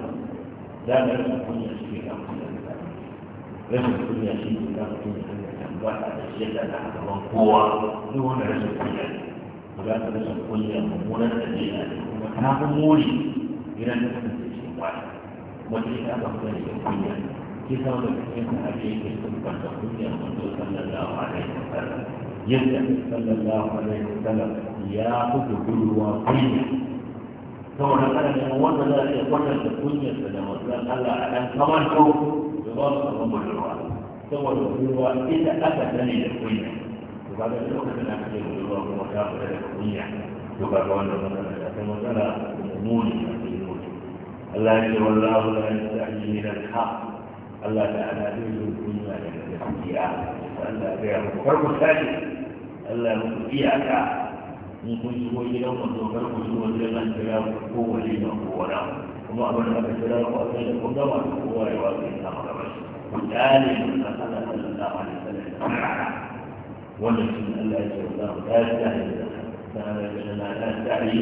da da rashin kunya shi ne kan rashin kunya shi ne kan kunya ba ta da shi da na gaban kowa duk wanda rashin kunya ne ba za ka rashin kunya mummunan da ne kuma ta fi muri idan ka kasance cikin wani wata ita ba ku da rashin kunya ke samun da cikin abin da ke kunya wanda sallallahu alaihi wa sallam يدعي صلى الله عليه وسلم يا قد كل واقعية قال أن أولا لا يكون لك كنية سنة وسلم قال لا أن تمنحه بغض الله عز سوى الوفوة إذا أتتني الكنية وبعد أن يكون من أحد الله وشاقه الكنية يبقى أن الله عز وجل الله يجعل الله لا يستحي من الحق الله تعالى يجعل الدنيا لك في الدنيا فأنت بها مقرب الثالث Allah ya ku iyaka in kun shigo gidan ku to kar ku shigo gidan nan kira ko wani da ko wani kuma abin da aka kira ku akai da kun gama ko wai wa ku ta maka ba ku dale mun san Allah sallallahu alaihi wasallam wannan shi Allah ya ce Allah ta tsaya da تعالى لنا لا تعي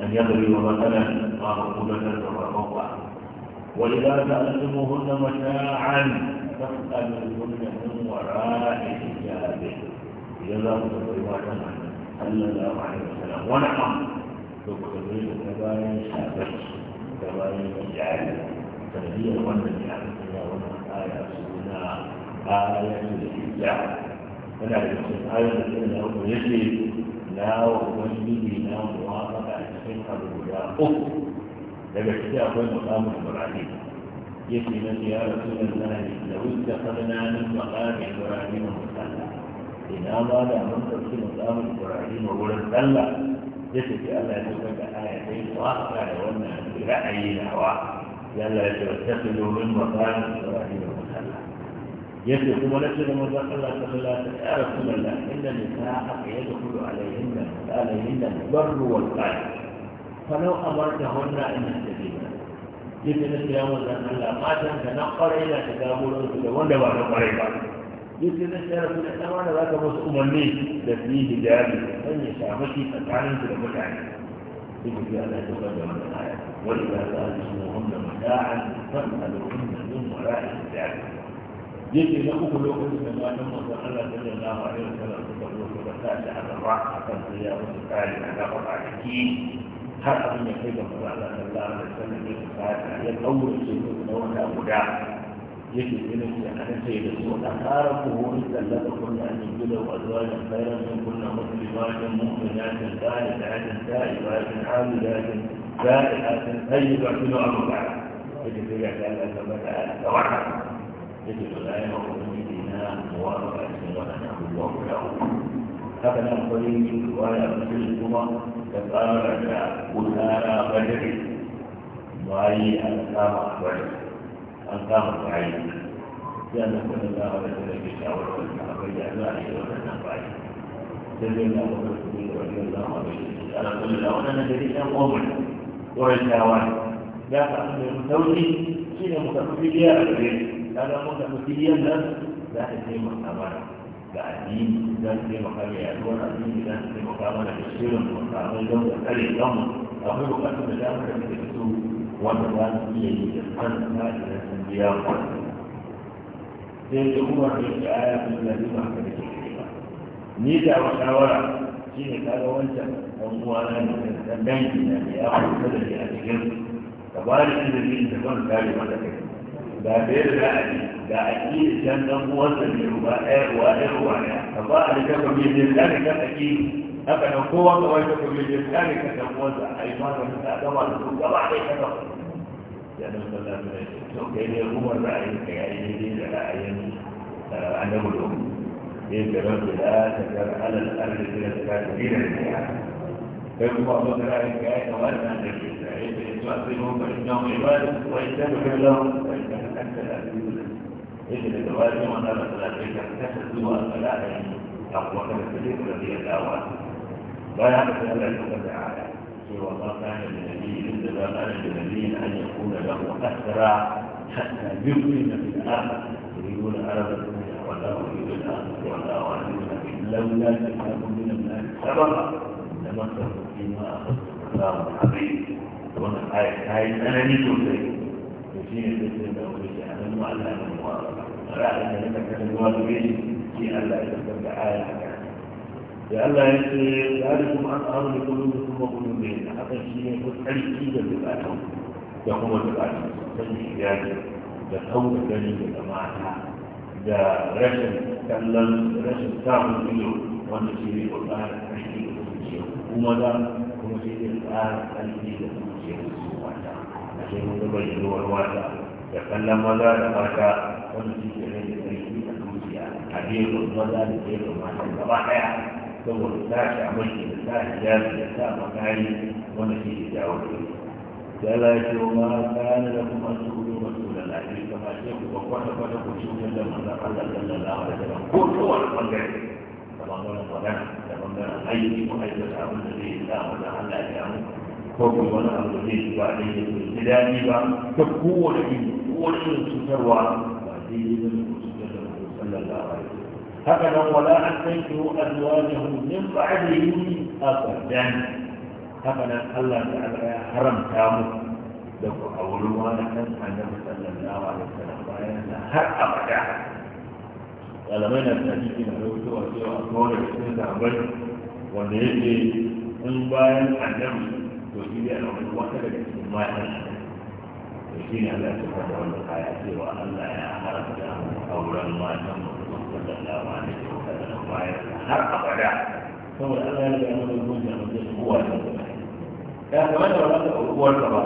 أن يضرب مثلا ما عقوبة وما موقع وإذا سألتموهن متاعا فاسألوهن من وراء حجابه جزاك الله خيرا صلى الله عليه وسلم ونعم تقتضي كبائر شابك كبائر مجعل آية الإبداع ولا يقصد آية الإبداع آية يجري لا وبنجي لا موافقة تحقيقها بالولاء أخرى لما كتاب مقام إبراهيم يجري يا رسول الله لو اتخذنا من مقام إبراهيم مصلى ina ma da mun ɗauki musamman ibrahim a wurin sallah ya tafi allah ya tafi da aya ta yi waka da wannan ra'ayi nawa ya allah ya tafi ta fi domin makarin ibrahim a sallah ya ce kuma na ce da mazan allah ta sallah ta ya rasu lalla inda ne ta haka ya da kudu alayhin da alayhin da barru wal qali falau amarta hunna in tajina yake na ce ya mazan allah matan da na kwarai da ta gabo da wanda ba na kwarai ba duk sai zai shara suna ɗan wani za ka musu umarni da su yi hijabi don ya samu shi tsakanin su da mutane duk da ya zai kusa da wannan aya wani za su haɗu su muhimmin da mata'an fasa da wannan yin mara'i hijabi yake na uku lokacin da matan masu Allah ta da lafa a yau tana suka zo suka sa shi a gaba a kan sai ya wasu tsari a gaba a ciki har abin ya kai ga masu Allah ta lafa da sanin da ya sa ya ɗaure shi na wata guda yake gina shi a kan sai da su a tsara buhuri tsallaka kunna an yi gida wa zuwa da tsairar yin kunna mafi bayan mummuna yakin tsari da yakin tsari ba yakin hali da yakin tsari da yakin tsayi ba su zuwa mu tsara yake sai ya tsaya da bata da wata yake to da yawa kuma yake na muwara a cikin wannan abubuwa guda uku haka nan kwarin yin ruwaya mutum kuma da tsara da gudana bajiri bayi a kama bajiri an kama bayi ya na kuma da wa da da ke shawar da akwai da za a yi wannan bayi sai dai na wannan kuma da wannan da da shi ana kullu da wannan da dai an umar wurin shawar ya ka an da mutauki shi ne muka fi biya a gare kaga muka fi biyan nan za ta taimaka mana da addini za ta taimaka mai yaduwar addini za ta taimaka mana da shirin makamai don da tsare kanmu akwai bukatun da damar da muke da wanda za su iya yi da kan da قياما sai kuma da aya sun da ba ka da shi ni da wa shawara shi ne kaga wancan dan uwa na ne dan danki na ne ya fita da shi a cikin ka ba da izini da ban kare mata kai ga da yadda za a yi ga a ƙi da can dan uwansa ne ruwa ɗaya ruwa ɗaya ruwa ɗaya ka ba a rika kamar yadda ya kare kan a ƙi haka nan kowa ka wani kamar yadda ya kare kan dan uwansa a yi ma ka mutu a gaba da su gaba ɗaya ka يعني مثلا كان يقوم الرأي كأيه لرأي أنه الأم إن كمان لا تجر على الأرض كده كثيرا يعني فيقوم بعض الرأي كأيه وأنا أنجز إن تؤثرهم فإنهم عباد وإن تبقى لهم فإنهم أكثر أبيض إذن الجواز وأنا مثلا كيف تحتسبوا فلا يعني أقوى كما تجد رضي الله عنه لا يعرف أن لا يتبع عليه وقال كان لنبي إلا ما كان أن يكون له أسرى حتى يؤمن بالآخر يريدون أرض الدنيا ولا يريد الآخرة ولا يريد لولا كتاب من الناس لما لمسكم فيما اخذت عذاب عظيم ومن آية آية أنا نيتم فيه وشيء يسلم له بشأن وعلى المواقع فلا لك كان الواجبين في أن لا يتبع آية da Allah ya ce zalikum an amana qulubukum wa qulubuhum haka shi ne tsarki da bukatun da kuma bukatun da shi da kauna gani da mata da rashin kallon rashin samun ido wanda shi ne ƙwaƙwara tsarki da zuciya kuma da kuma shi ne tsara tsarki da zuciya da su mata a shi da ruwan da kallon maza da mata wanda shi ke rage tsarki da zuciya a gefen maza da gefen mata gaba ɗaya saboda tashi a mashi da sa hijabi da sa makari wanda ke jawo da yi da lafiya ma kayan da kuma su ne masu da lafiya kama ce ku ba kwata kwata ku ci da manzan Allah sallallahu alaihi wasallam ko kowane bangare da bangaren magana da bangaren aiki ko aikata abin da zai sa manzan Allah ya damu ko ku wani abu da zai shiga a daidai ku ji daɗi ba ta kowane irin kowane irin cutarwa ba daidai ba ne ku cutar da manzan da alaihi هكذا ولا أحسنك أزواجه من بعده أفضل يعني هكذا ألا حرم تامه دفع أول مره عن النبي صلى الله عليه وسلم هل أبدا قال من الحديث من الوجه وسيرة أطول بسنة عبد ونهيك من باين عن النبي تجد أنه من وقت بسنة ما يحسن يجين الله سبحانه وتعالى وأن لا يحرم تامه ما sallallahu alaihi wa sallam bayan har abada saboda Allah ya riga mana hukunta mutum kowa da kowa ya kamata ba za ka uwar ka ba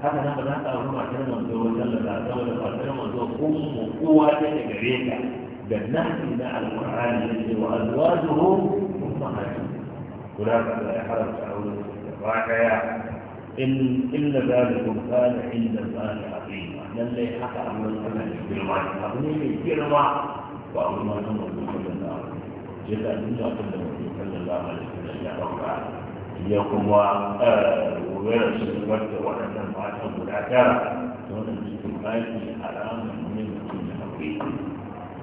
haka nan ba za ka auri matar manzo wa sallallahu saboda matar manzo ummu kowa ta da gare ka da nahsi na alqur'ani yake wa azwajuhu ummahatuhum ولا حرم تعود راكيا إن إن ذلك كان عند الله عظيما لن يحقق من الأمل بالمعنى أبني بالجرمى ba wani ma nan wani kullum da ya sa duk da abin da wani kullum da ma da ya ɗauka ya kuma wayar eh, shi wadda waɗannan matan guda tara da wannan cikin baki haramun ne mutum da haƙuri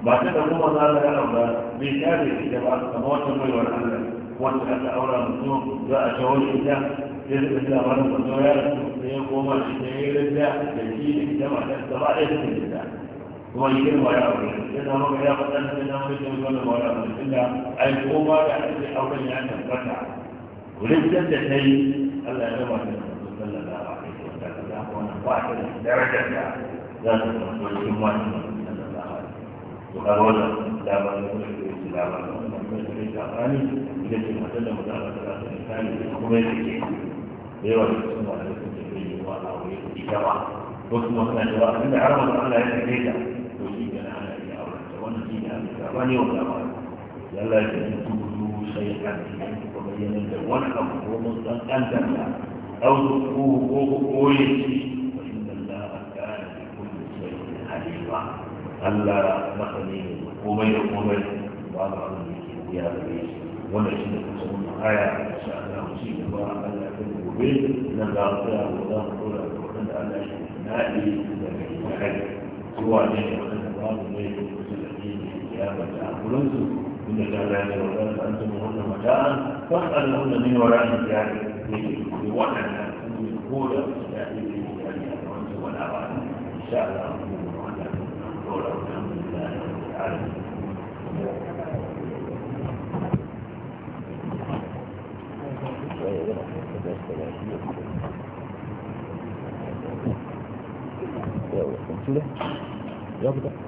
ba ta da kuma za ta ga ba bai da ita ba kamar wata baiwar Allah wanda aka aura mutum za a shawo ita sai da ita ba da mutum ya rasu ya koma shi ne ya rinda da shi da ita matar ba ɗaya da ita kuma yi irin wani abu ya zama ga ya faɗa zama ga ya zama wani abu ne tunda ai ko ba da ake auren ya tabbata rijiyar da ta yi Allah ya zama da su sallallahu alaihi wa sallam da kuma ba ta da darajar da za ta zama cikin wani sallallahu alaihi wa sallam wannan da ba da kuma da su da ba da kuma da su da ba ne da ke mata da mata da ta da da kuma yake da yawa da su da su da ba da wani yau da ya lafi da kudu sai a cikin kuma yana da wani abu ko mun san an da ta ɗauki ko ko ko koye shi wa inda Allah a kana da kudu sai da halima Allah masani ne da komai da komai ba ba abin da yake wuya da shi wannan shi ne kusa wannan aya insha Allah mu ci gaba Allah ya kai gobe nan za mu tsaya mu za mu dora da wanda Allah ya nadi daga cikin hali zuwa ne wanda babu ne القيامة أقولنس إن الله لا يولد أنتم هن متاعا فاسألهن من وراء الجهل بوحنا من قول يأتي به الأنس والأبعاد إن شاء الله قول الحمد لله رب العالمين Thank you. 要不得。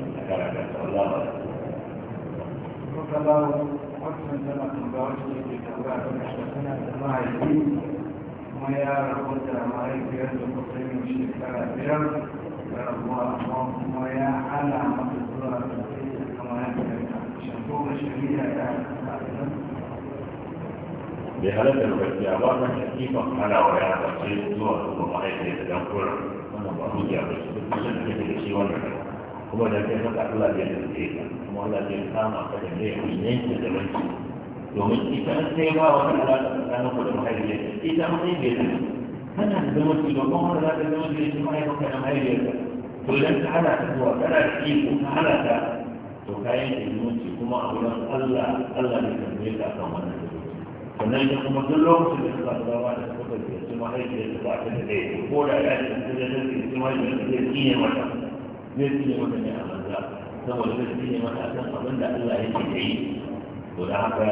فلو حكما لما تنبغي في تنبغي مشتكنا ما يجيب ما يرى قد ما يجيب المسلم الشركة بير وما يعلى ما تدور كما يجيب شنطوب الشريعة بحالة الوقتية وانا كيفا على ويا بشيء زوار وما يجيب الأمور أنا بروجي على الشيء وانا kuma da kai maka Allah ya dace ka kuma Allah ya kama ka da laifin yanke da wanki domin ita an sai ba wata alaƙa tsakanin ku da mahaifiyar ita mahaifiyar ta kana da zama ci domin wani za ka zama ci mahaifiyar da mahaifiyar ka to idan ka hana ta zuwa kana da iko ka hana ta to kayan da zumunci kuma a wurin Allah Allah ne tambaye ka akan wannan zumunci sannan idan kuma duk lokacin da suka zama da suka ziyarci mahaifiyar da ba ta da ko da ya ce ta ziyarci mahaifiyar da zai iya mata zai iya mata ne a banza saboda zai iya mata kan abin da Allah ya ce yi to da haka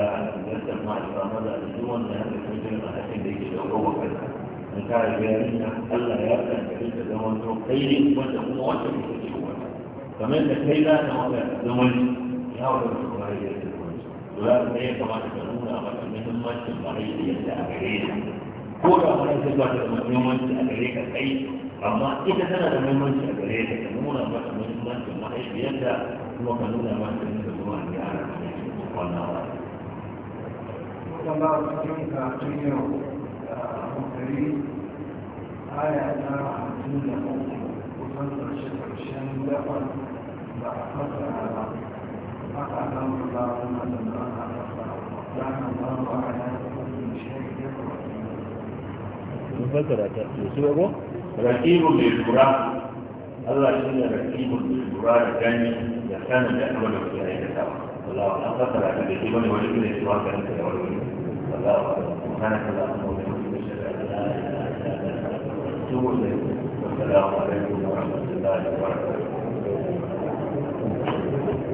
zartar ma da ba maza da duk wanda ya kai kujin a hakan da yake da kowa kanka in ka ga yarinya Allah ya tsantsare ta zaman to kai ne wanda kuma wanda kake ce wata kamar da kai za ta wanda zaman ya wanda kuma ya ce to za ka ya kamata ka nuna mata muhimmancin mahaifiyar da a gare ko da wani sai ba ta da muhimmanci a gare ka kai amma ita tana da muhimmanci a gare ta ka nuna mata muhimmancin mahaifiyarta kuma ka nuna mata da zuwa ne a wannan wani. Allah cikin kafin yau da hankali aya ta hamsin da uku kusan ƙarshe-ƙarshen daban da a fasa ala aka alamu da kuma da za a fasa za a ba ba a yana kusurin shi ya kuma. Mun fasara ta, to su رقيب للمراد الله شنو رقيب للمراد الثاني يحتاج لأول في أي كتاب والله أكثر على الذي بني ولكن الإسلام يعني كان لا إله إلا سبحانك اللهم وبحمدك السلام عليكم ورحمة الله وبركاته